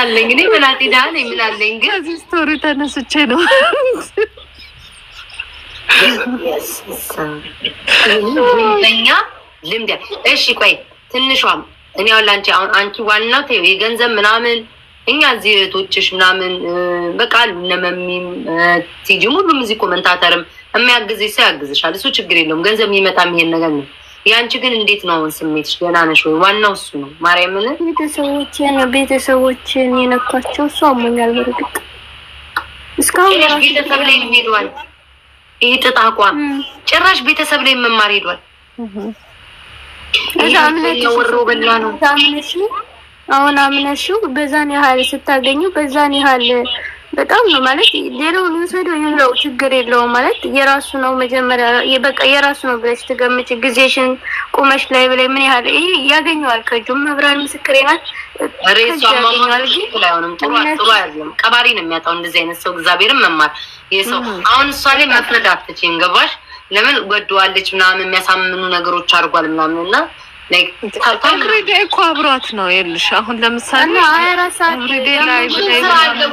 አለኝ እኔ ምን አጤዳ ነኝ ምን አለኝ ግን እዚህ ስቶሪ ተነስቼ ነው እኛ ልምድ እሺ ቆይ ትንሿም እኔ ያው ለአንቺ አሁን አንቺ ዋናው ተይው የገንዘብ ምናምን እኛ እዚህ እህቶችሽ ምናምን በቃ ነመሚም ቲጂም ሁሉም እዚህ ኮመንታተርም የሚያግዝሽ ሰው ያግዝሻል እሱ ችግር የለውም ገንዘብ የሚመጣም ይሄን ነገር ነው የአንቺ ግን እንዴት ነው አሁን ስሜትሽ? ደህና ነሽ ወይ? ዋናው እሱ ነው። ማርያምን ቤተሰቦችን ቤተሰቦችን የነኳቸው እሱ አሞኛል። በርግጥ እስካሁን ቤተሰብ ላይ ሄዷል። ይህ ጥጥ አቋም ጭራሽ ቤተሰብ ላይ መማር ሄዷል። ነው አሁን አምነሽው በዛን ያህል ስታገኙ በዛን ያህል በጣም ነው ማለት ሌላው ልውሰደው ይለው ችግር የለውም ማለት የራሱ ነው። መጀመሪያ በቃ የራሱ ነው ብለሽ ትገምጪ ጊዜሽን ቁመሽ ላይ ብለ ምን ያህል ይሄ ያገኘዋል ከእጁም መብራን ምስክር ናት። ቀባሪ ነው የሚያጣው እንደዚህ አይነት ሰው እግዚአብሔርን መማር ይህ ሰው አሁን እሷ ላይ መፍረድ አትችይም። ገባሽ? ለምን ምናምን የሚያሳምኑ ነገሮች አድርጓል ምናምን እና ኤቭሪዴ እኮ አብሯት ነው የልሽ። አሁን ለምሳሌ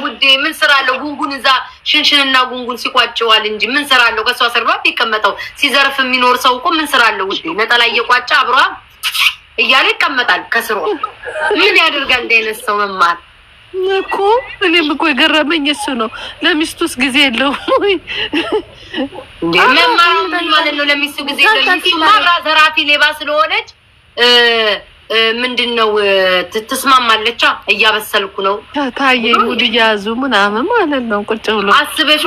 ጉዴ ምን ስራ አለው? ጉንጉን እዛ ሽንሽንና ጉንጉን ሲቋጭዋል እንጂ ምን ስራ አለው? ከእሷ ይቀመጠው ሲዘርፍ የሚኖር ሰው እኮ ምን ስራ አለው? ውዴ ነጠላ እየቋጫ አብሯ እያለ ይቀመጣል ከስሮ። ምን ያደርጋል? እንደ አይነት ሰው መማር እኮ እኔም እኮ የገረመኝ እሱ ነው። ለሚስቱስ ጊዜ የለውም ማለት ነው? ለሚስቱ ጊዜ የለውም። ዘራፊ ሌባ ስለሆነች ምንድን ነው ትስማማለቻ። እያበሰልኩ ነው ታየ ሙድ እያያዙ ምናምን ማለት ነው። ቁጭ ብሎ አስበሽ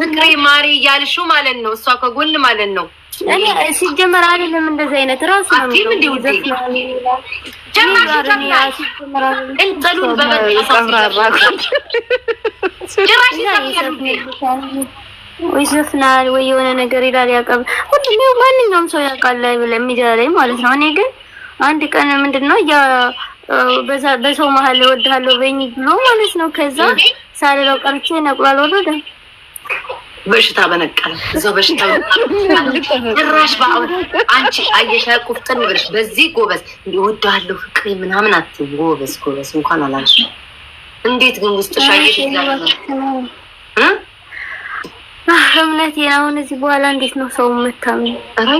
ፍቅሬ ማሪ እያልሽው ማለት ነው። እሷ ከጎን ማለት ነው። ሲጀመር አይደለም እንደዚህ አይነት ራሱ ነው ወይ ዘፍናል ወይ የሆነ ነገር ይላል ያቀብ ሁሉ ማንኛውም ሰው ያውቃል ላይ ላይ ማለት ነው። እኔ ግን አንድ ቀን ምንድነው ያ በዛ በሰው መሀል እወድሃለሁ በኝ ብሎ ማለት ነው። ከዛ ሳልለው ቀርቼ ነቁላል ወለደ በሽታ በነቀል እዛው በሽታ ጭራሽ በአሁን አንቺ አየሻ ቁፍጥን ብለሽ በዚህ ጎበዝ እንዲወዳለሁ ፍቅሬ ምናምን አት ጎበዝ ጎበዝ እንኳን አላልሽ። እንዴት ግን ውስጥ ሻየሽ ይላል እምነቴ አሁን እዚህ በኋላ እንዴት ነው ሰው መታም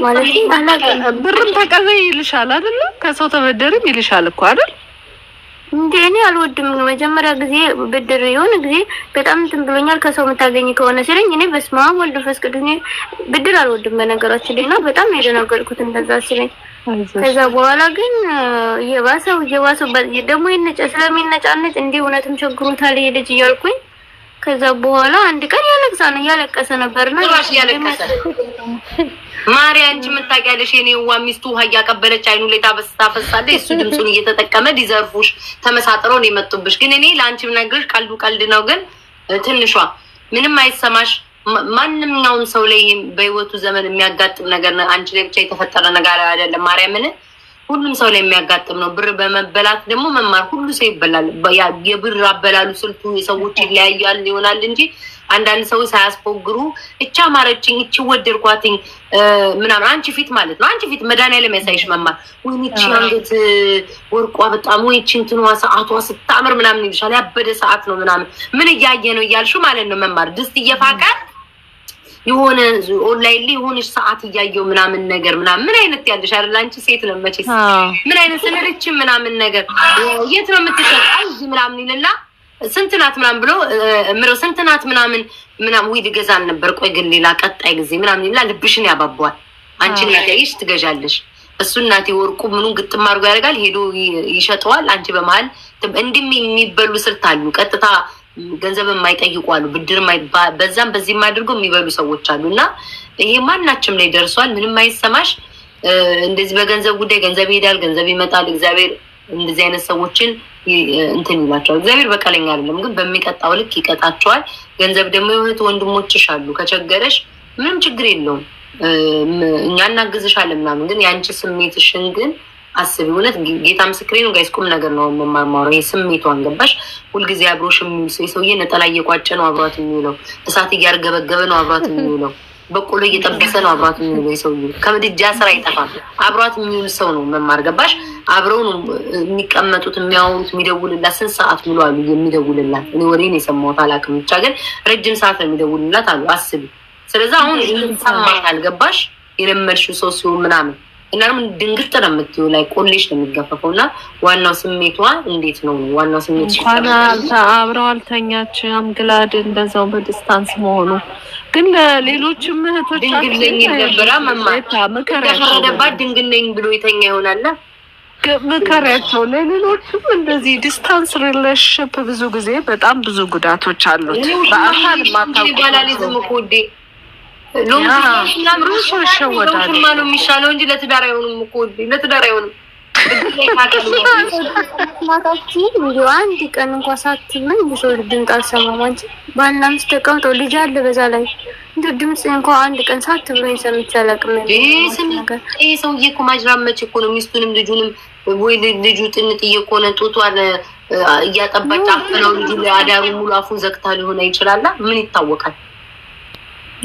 ማለት ብርም ተቀበይ ይልሻል አይደል? ከሰው ተበደርም ይልሻል እኮ አይደል? እንዴ እኔ አልወድም። መጀመሪያ ጊዜ ብድር የሆነ ጊዜ በጣም እንትን ብሎኛል። ከሰው የምታገኝ ከሆነ ሲለኝ እኔ በስመ አብ ወልድ መንፈስ ቅዱስ ብድር አልወድም በነገራችን ላይ እና በጣም የደነገርኩት እንደዛ ሲለኝ፣ ከዛ በኋላ ግን እየባሰው እየባሰው ደግሞ ይነጫ ስለሚነጫነጭ እንዴ እውነትም ቸግሮታል ይሄ ልጅ እያልኩኝ ከዛ በኋላ አንድ ቀን ያለቅሳ ነው ያለቀሰ ነበርና ራሱ ያለቀሰ ማርያ እንጂ ምን ታውቂያለሽ? የኔ ዋ ሚስቱ ውሃ እያቀበለች አይኑ ላይ ፈሳለ። እሱ ድምፁን እየተጠቀመ ሊዘርፉሽ ተመሳጥረው ነው የመጡብሽ። ግን እኔ ለአንቺ ምናገርሽ ቀልዱ ቀልድ ነው። ግን ትንሿ ምንም አይሰማሽ። ማንኛውም ሰው ላይ በህይወቱ ዘመን የሚያጋጥም ነገር አንቺ ላይ ብቻ የተፈጠረ ነገር አይደለም። ማርያምን ሁሉም ሰው ላይ የሚያጋጥም ነው። ብር በመበላት ደግሞ መማር ሁሉ ሰው ይበላል። የብር አበላሉ ስልቱ የሰዎች ይለያያል ይሆናል እንጂ አንዳንድ ሰው ሳያስፎግሩ እቻ ማረችኝ እቺ ወደድኳትኝ ምናምን አንቺ ፊት ማለት ነው አንቺ ፊት መድኃኒዓለም ያሳይሽ መማር ወይም እቺ አንገት ወርቋ በጣም ወይ እቺ እንትኗ ሰዓቷ ስታምር ምናምን ይልሻል። ያበደ ሰዓት ነው ምናምን ምን እያየ ነው እያልሹ ማለት ነው መማር ድስት እየፋቃል የሆነ ኦንላይን ላይ የሆነች ሰዓት እያየው ምናምን ነገር ምናምን ምን አይነት ያለሽ አይደል? አንቺ ሴት ነው መቼ ምን አይነት ስለልች ምናምን ነገር የት ነው የምትሰጣይ ምናምን ይልና ስንት ናት ምናምን ብሎ ምረው ስንት ናት ምናምን ምናምን ዊድ ገዛን ነበር። ቆይ ግን ሌላ ቀጣይ ጊዜ ምናምን ይልና ልብሽን ያባቧል። አንቺ ያይሽ ትገዣለሽ። እሱ እናቴ ወርቁ ምኑን ግጥም አድርጎ ያደርጋል። ሄዶ ይሸጠዋል። አንቺ በመሀል እንዲህ የሚበሉ ስልት አሉ ቀጥታ ገንዘብ የማይጠይቁ አሉ፣ ብድር በዛም በዚህ አድርገው የሚበሉ ሰዎች አሉ። እና ይሄ ማናችም ላይ ደርሷል። ምንም አይሰማሽ። እንደዚህ በገንዘብ ጉዳይ ገንዘብ ይሄዳል፣ ገንዘብ ይመጣል። እግዚአብሔር እንደዚህ አይነት ሰዎችን እንትን ይላቸዋል። እግዚአብሔር በቀለኛ አይደለም፣ ግን በሚቀጣው ልክ ይቀጣቸዋል። ገንዘብ ደግሞ የእህት ወንድሞችሽ አሉ። ከቸገረሽ ምንም ችግር የለውም እኛ እናግዝሻለን ምናምን፣ ግን የአንቺ ስሜትሽን ግን አስቢ። እውነት ጌታ ምስክሬ ነው። ጋይስ ቁም ነገር ነው የምማማረው። የስሜቷን ገባሽ? ሁልጊዜ አብሮሽ የሚውል የሰውዬ ነጠላ እየቋጨ ነው አብሯት የሚውለው። እሳት እያርገበገበ ነው አብሯት የሚውለው። በቆሎ እየጠበሰ ነው አብሯት የሚውለው። የሰውዬ ከምድጃ ስራ ይጠፋል። አብሯት የሚውል ሰው ነው መማር። ገባሽ? አብረው ነው የሚቀመጡት፣ የሚያወሩት፣ የሚደውልላት ስንት ሰዓት ሙሉ አሉ የሚደውልላት። እኔ ወሬን የሰማሁት አላውቅም፣ ብቻ ግን ረጅም ሰዓት ነው የሚደውልላት አሉ። አስቢ። ስለዚ አሁን ይህን ይሰማል። አልገባሽ? የለመድሽው ሰው ሲሆን ምናምን እናም ድንግስት ነው የምትይው ላይ ቆሌሽ ነው የሚገፈፈው። እና ዋናው ስሜቷ እንዴት ነው? ዋናው ስሜት እንኳን አብረው አልተኛች አምግላድ እንደዛው በዲስታንስ መሆኑ ግን ለሌሎችም እህቶች ድንግልኝ ነበረ መማተፈረደባት ድንግልኝ ብሎ የተኛ ይሆናል። ምከሪያቸው ለሌሎችም እንደዚህ ዲስታንስ ሪሌሽንሽፕ ብዙ ጊዜ በጣም ብዙ ጉዳቶች አሉት። በአካል ማታ የሚሻለው እንጂ ለትዳር አይሆንም እኮ ለትዳር አይሆንም። ማታችን እንዲሁ አንድ ቀን እንኳ ሳትመኝ ድምፅ አልሰማም። አንቺ ባልና ሚስት ተቀምጠው ልጅ አለ በዛ ላይ ድምፅ እንኳ አንድ ቀን ሰምቼ አላውቅም። ይሄ ሰውዬ እኮ ማጅራመች እኮ ነው። ሚስቱንም ልጁንም ወይ ልጁ ጥንጥዬ ጡቷን እያጠባች አፍነው ልጁ አዳሩ ሙሉ አፉን ዘግታ ሊሆን ይችላላ። ምን ይታወቃል?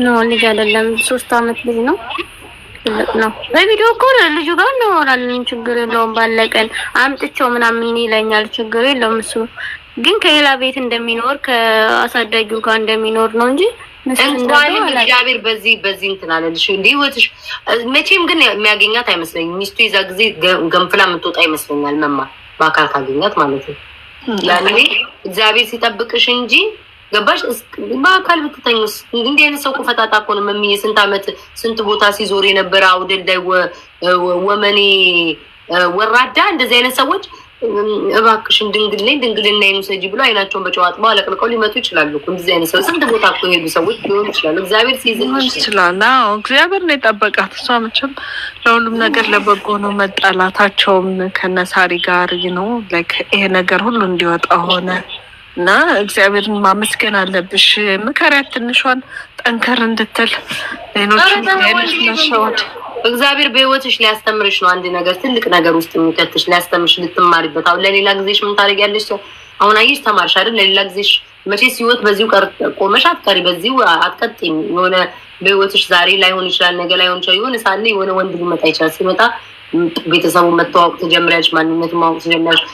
ኖ ልጅ አይደለም፣ ሶስት አመት ልጅ ነው። ትልቅ ነው። በቪዲዮ እኮ ልጁ ጋር እናወራለን። ችግር የለውም። ባለቀን አምጥቼው ምናምን ይለኛል። ችግር የለውም። እሱ ግን ከሌላ ቤት እንደሚኖር ከአሳዳጊው ጋር እንደሚኖር ነው እንጂ እንኳንም እግዚአብሔር በዚህ በዚህ እንትን አለልሽ። ህይወትሽ መቼም ግን የሚያገኛት አይመስለኝም። ሚስቱ የዛ ጊዜ ገንፍላ የምትወጣ ይመስለኛል። መማር በአካል ካገኛት ማለት ነው። ያኔ እግዚአብሔር ሲጠብቅሽ እንጂ ገባሽ? በአካል ብትተኝስ? እንዲህ አይነት ሰው ቆፈጣጣ እኮ ነው መምዬ። ስንት አመት ስንት ቦታ ሲዞር የነበረ አውደልዳይ ወመኔ ወራዳ። እንደዚህ አይነት ሰዎች እባክሽን ድንግልናኝ ድንግልናዬን ይኑሰጂ ብሎ አይናቸውን በጨዋጥ አጥበው አለቅልቀው ሊመጡ ይችላሉ። እንደዚህ አይነት ሰው ስንት ቦታ እኮ የሄዱ ሰዎች ሊሆኑ ይችላሉ። እግዚአብሔር ሲይዝን ይችላል። አዎ እግዚአብሔር ነው የጠበቃት። እሷ መቼም ለሁሉም ነገር ለበጎ ነው። መጣላታቸውም ከነሳሪ ጋር ነው ይሄ ነገር ሁሉ እንዲወጣ ሆነ። እና እግዚአብሔርን ማመስገን አለብሽ። ምከሪያት ትንሿን ጠንከር እንድትል ሌሎች እግዚአብሔር በህይወትሽ ሊያስተምርሽ ነው። አንድ ነገር ትልቅ ነገር ውስጥ የሚከትሽ ሊያስተምርሽ፣ ልትማሪበት። አሁን ለሌላ ጊዜሽ ምን ታደርጊያለሽ? ሰው አሁን አየሽ ተማርሽ አይደል? ለሌላ ጊዜሽ መቼስ ህይወት በዚሁ ቆመሽ አትቀሪ፣ በዚሁ አትቀጥም። የሆነ በህይወትሽ ዛሬ ላይሆን ይችላል፣ ነገ ላይሆን ይችላል። የሆነ ሳለ የሆነ ወንድ ሊመጣ ይችላል። ሲመጣ ቤተሰቡ መተዋወቅ ትጀምሪያለሽ፣ ማንነት ማወቅ ትጀምሪያለሽ።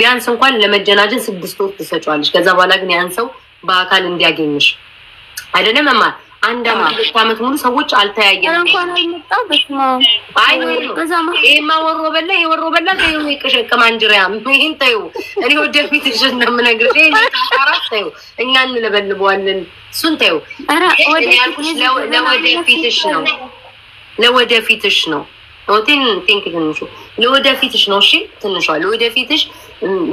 ቢያንስ እንኳን ለመጀናጀን ስድስት ወር ትሰጫዋለሽ። ከዛ በኋላ ግን ያን ሰው በአካል እንዲያገኝሽ አይደለም መማር አንድ አመት ሁለት አመት ሙሉ ሰዎች አልተያየም እንኳን አይመጣ በስማ አይ ይሄማ ወሮ በላ ይሄ ወሮ በላ ተይው፣ የቀሸቀማ እንጀራ ይሄን ተይው። እኔ ወደፊት እሽን ነው የምነግርሽ። ተይው፣ እኛ እንለበልበዋለን። እሱን ተይው። ኧረ ወደ ለወደፊትሽ ነው ለወደፊትሽ ነው ቴንክ ትንሹ ለወደፊትሽ ነው። እሺ ትንሿ ለወደፊትሽ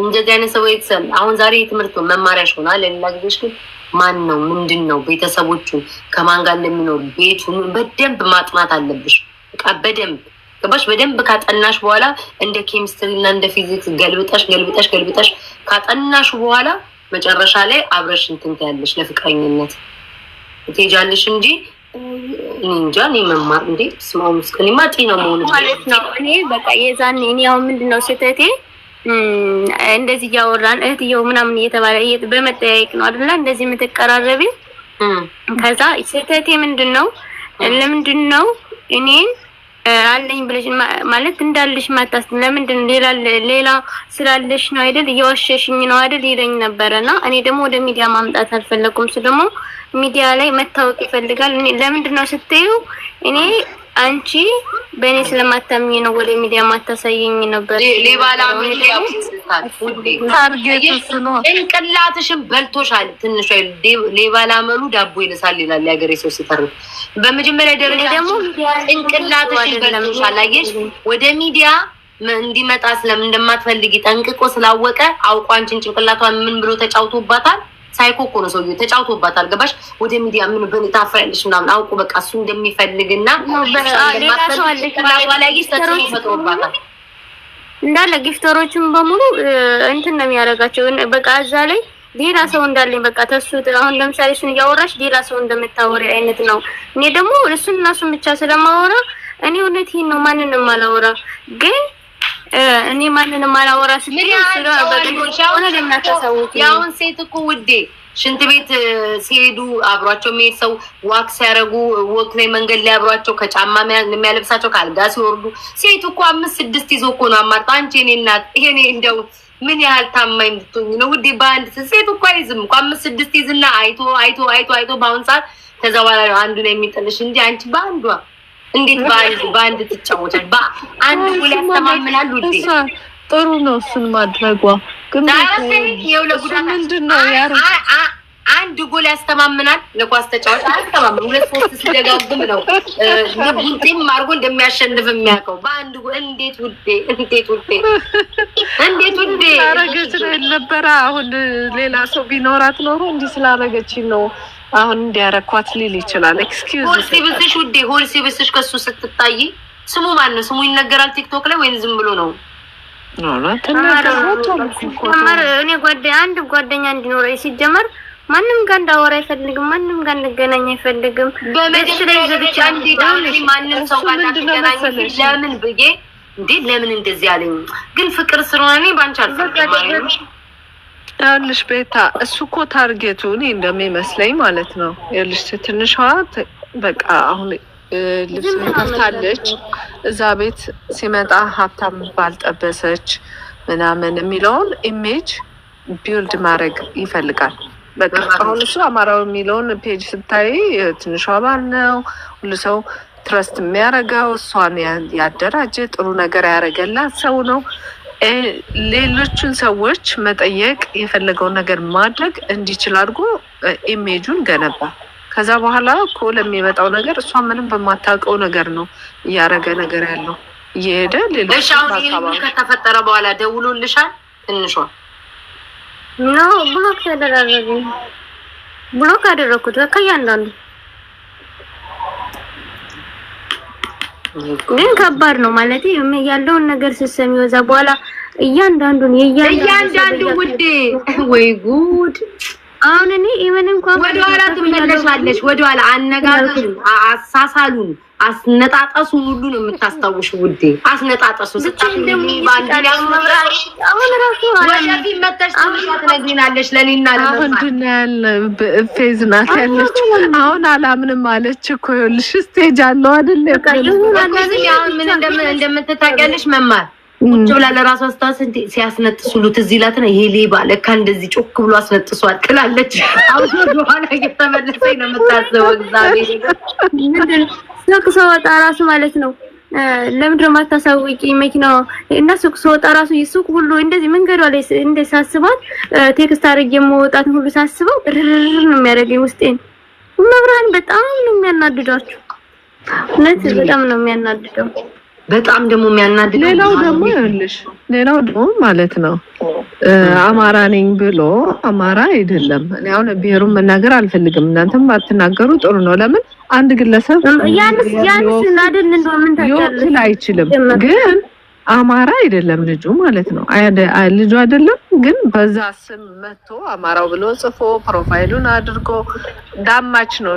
እንደዚህ አይነት ሰው ቤተሰብ አሁን ዛሬ የትምህርት መማሪያሽ ሆናል። ለሌላ ጊዜሽ ግን ማን ነው ምንድን ነው ቤተሰቦቹ ከማን ጋር እንደሚኖሩ ቤቱ በደንብ ማጥናት አለብሽ። በቃ በደንብ ገባሽ። በደንብ ካጠናሽ በኋላ እንደ ኬሚስትሪ እና እንደ ፊዚክስ ገልብጠሽ ገልብጠሽ ገልብጠሽ ካጠናሽ በኋላ መጨረሻ ላይ አብረሽ እንትን ትያለሽ፣ ለፍቅረኝነት ትሄጃለሽ እንጂ እንጃ እኔ መማር እንዴ ስማም እኔማ ጤና ነው መሆኑ ማለት ነው። እኔ በቃ የዛን እኔ አሁን ምንድነው ስህተቴ እንደዚህ እያወራን እህትየው ምናምን እየተባለ በመጠያየቅ ነው አደላ እንደዚህ የምትቀራረቢ። ከዛ ስህተቴ ምንድን ነው ለምንድን ነው እኔን አለኝ ብለሽ ማለት እንዳለሽ ማታስ ለምንድን ሌላ ሌላ ስላለሽ ነው አይደል? እየዋሸሽኝ ነው አይደል? ይለኝ ነበረና እኔ ደግሞ ወደ ሚዲያ ማምጣት አልፈለኩም። ስለሞ ሚዲያ ላይ መታወቅ ይፈልጋል። ለምንድን ነው ስትዩ እኔ አንቺ በእኔ ስለማታምኝ ነው ወደ ሚዲያ ማታሳየኝ ነበር። ጭንቅላትሽን በልቶሻል። ትንሿ ሌባ ላመሉ ዳቦ ይነሳል ይላል የሀገሬ ሰው ሲተርት። በመጀመሪያ ደረጃ ደግሞ ጭንቅላትሽን በልቶሻል። አየሽ ወደ ሚዲያ እንዲመጣ ስለምን እንደማትፈልጊ ጠንቅቆ ስላወቀ አውቋንችን ጭንቅላቷን ምን ብሎ ተጫውቶባታል። ሳይኮ እኮ ነው ሰውዬው፣ ተጫውቶባታል። ገባሽ? ወደ ሚዲያ ምን በን ታፍራለች ምናምን አውቁ በቃ እሱ እንደሚፈልግና እንዳለ ጊፍተሮችን በሙሉ እንትን ነው የሚያደርጋቸው። በቃ እዛ ላይ ሌላ ሰው እንዳለኝ በቃ ተሱ አሁን ለምሳሌ እሱን እያወራሽ ሌላ ሰው እንደምታወሪ አይነት ነው። እኔ ደግሞ እሱን እና እሱን ብቻ ስለማወራ እኔ እውነት ይህን ነው ማንንም አላወራ ግን እኔ ማንንም አላወራ ስለኝ ስለሆነ ለምናታሳውቁ ያውን ሴት እኮ ውዴ ሽንት ቤት ሲሄዱ አብሯቸው የሚሄድ ሰው ዋክስ ያደረጉ ወክ ላይ መንገድ ላይ አብሯቸው ከጫማ የሚያለብሳቸው ከአልጋ ሲወርዱ ሴት እኮ አምስት ስድስት ይዞ እኮ ነው አማርጣ። አንቺ እኔ እናት ይሄኔ እንደው ምን ያህል ታማኝ እንድትሆኝ ነው ውዴ። በአንድ ሴት እኮ አይዝም እኮ አምስት ስድስት ይዝና አይቶ አይቶ አይቶ አይቶ በአሁን ሰዓት ከዛ በኋላ አንዱን የሚጥልሽ እንጂ አንቺ በአንዷ እንዴት በአንድ ትጫወታል? በአንድ ሁለት ያስተማምናል። ጥሩ ነው እሱን ማድረጓ ግን ምንድን ነው ያ አንድ ጎል ያስተማምናል። ለኳስ ተጫዋች አያስተማምን። ሁለት ሶስት ሲደጋግም ነው ጉንጤም አድርጎ እንደሚያሸንፍ የሚያውቀው። በአንድ ጎል እንዴት ውዴ፣ እንዴት ውዴ፣ እንዴት ውዴ አረገች ነበረ። አሁን ሌላ ሰው ቢኖራት ኖሮ እንዲህ ስላረገች ነው አሁን እንዲያረኳት ሊል ይችላል። ኤክስኪውዝ ሆል ሲብስሽ ውዴ፣ ሆል ሲብስሽ ከሱ ስትታይ ስሙ ማን ነው? ስሙ ይነገራል ቲክቶክ ላይ ወይም ዝም ብሎ ነው? እኔ አንድ ጓደኛ እንዲኖረ ሲጀመር ማንም ጋር እንዳወራ አይፈልግም። ማንም ጋር እንገናኝ አይፈልግም። ላይ ዘብቻ ማንም ሰው ጋር እንዳትገናኝ ለምን ብዬ እንዴ ለምን እንደዚህ አለኝ። ግን ፍቅር ስለሆነ እኔ ባንቺ አልፈልግም። ያልሽ ቤታ እሱ እኮ ታርጌቱ እኔ እንደሚመስለኝ ማለት ነው። ያልሽ ትንሿ በቃ አሁን ልብስ ከፍታለች። እዛ ቤት ሲመጣ ሀብታም ባልጠበሰች ምናምን የሚለውን ኢሜጅ ቢውልድ ማድረግ ይፈልጋል። በቃ አሁን እሱ አማራው የሚለውን ፔጅ ስታይ ትንሿ ባል ነው ሁሉ ሰው ትረስት የሚያደርገው እሷን ያደራጀ ጥሩ ነገር ያደረገላት ሰው ነው። ሌሎችን ሰዎች መጠየቅ የፈለገውን ነገር ማድረግ እንዲችል አድርጎ ኢሜጁን ገነባ። ከዛ በኋላ እኮ ለሚመጣው ነገር እሷ ምንም በማታውቀው ነገር ነው እያደረገ ነገር ያለው እየሄደ ሌሎች ከተፈጠረ በኋላ ደውሎልሻል ትንሿ ኖ ብሎክ ተደረገኝ። ብሎክ አደረኩት። በቃ እያንዳንዱ ግን ከባድ ነው ማለት ያለውን ነገር ስትሰሚ ከዛ በኋላ እያንዳንዱን የእያንዳንዱ ውዴ ወይ ጉድ አሁን እኔ ኢቨን እንኳን ወደ ኋላ ትመለሻለሽ። ወደ ኋላ አሳሳሉን፣ አስነጣጠሱ ሁሉ ነው የምታስታውሽ ውዴ። አስነጣጠሱ ፌዝ ናት አሁን አላምንም አለች እኮ ይኸውልሽ፣ ስቴጅ አለው አይደል? ምን መማር ቁጭ ብላ ለራሷ ስታስን ሲያስነጥሱሉ ትዝ ይላት ነው። ይሄ ሌባ ለካ እንደዚህ ጮክ ብሎ አስነጥሷል ትላለች። አብሶ በኋላ እየተመለሰኝ ነው የምታስበው። እግዚአብሔር ሱቅ ስወጣ ራሱ ማለት ነው ለምንድን ነው የማታሳውቂ መኪና እና ሱቅ ስወጣ ራሱ ሱቅ ሁሉ እንደዚህ መንገዷ ላይ እንደ ሳስባት ቴክስት አድርጌ የመውጣትን ሁሉ ሳስበው ርርር ነው የሚያደርገኝ ውስጤን። መብርሃን በጣም ነው የሚያናድዷቸው። እውነት በጣም ነው የሚያናድደው። በጣም ደግሞ የሚያናድ ሌላው ደግሞ ይኸውልሽ፣ ሌላው ደግሞ ማለት ነው አማራ ነኝ ብሎ አማራ አይደለም። እኔ አሁን ብሔሩን መናገር አልፈልግም፣ እናንተም ባትናገሩ ጥሩ ነው። ለምን አንድ ግለሰብ ያንስ ያንስ ሊወክል አይችልም ግን አማራ አይደለም ልጁ ማለት ነው። ልጁ አይደለም ግን በዛ ስም መጥቶ አማራው ብሎ ጽፎ ፕሮፋይሉን አድርጎ ዳማች ነው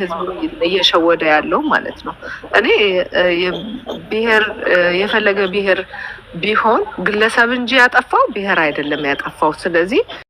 ህዝቡ እየሸወደ ያለው ማለት ነው። እኔ ብሔር የፈለገ ብሔር ቢሆን ግለሰብ እንጂ ያጠፋው ብሔር አይደለም ያጠፋው። ስለዚህ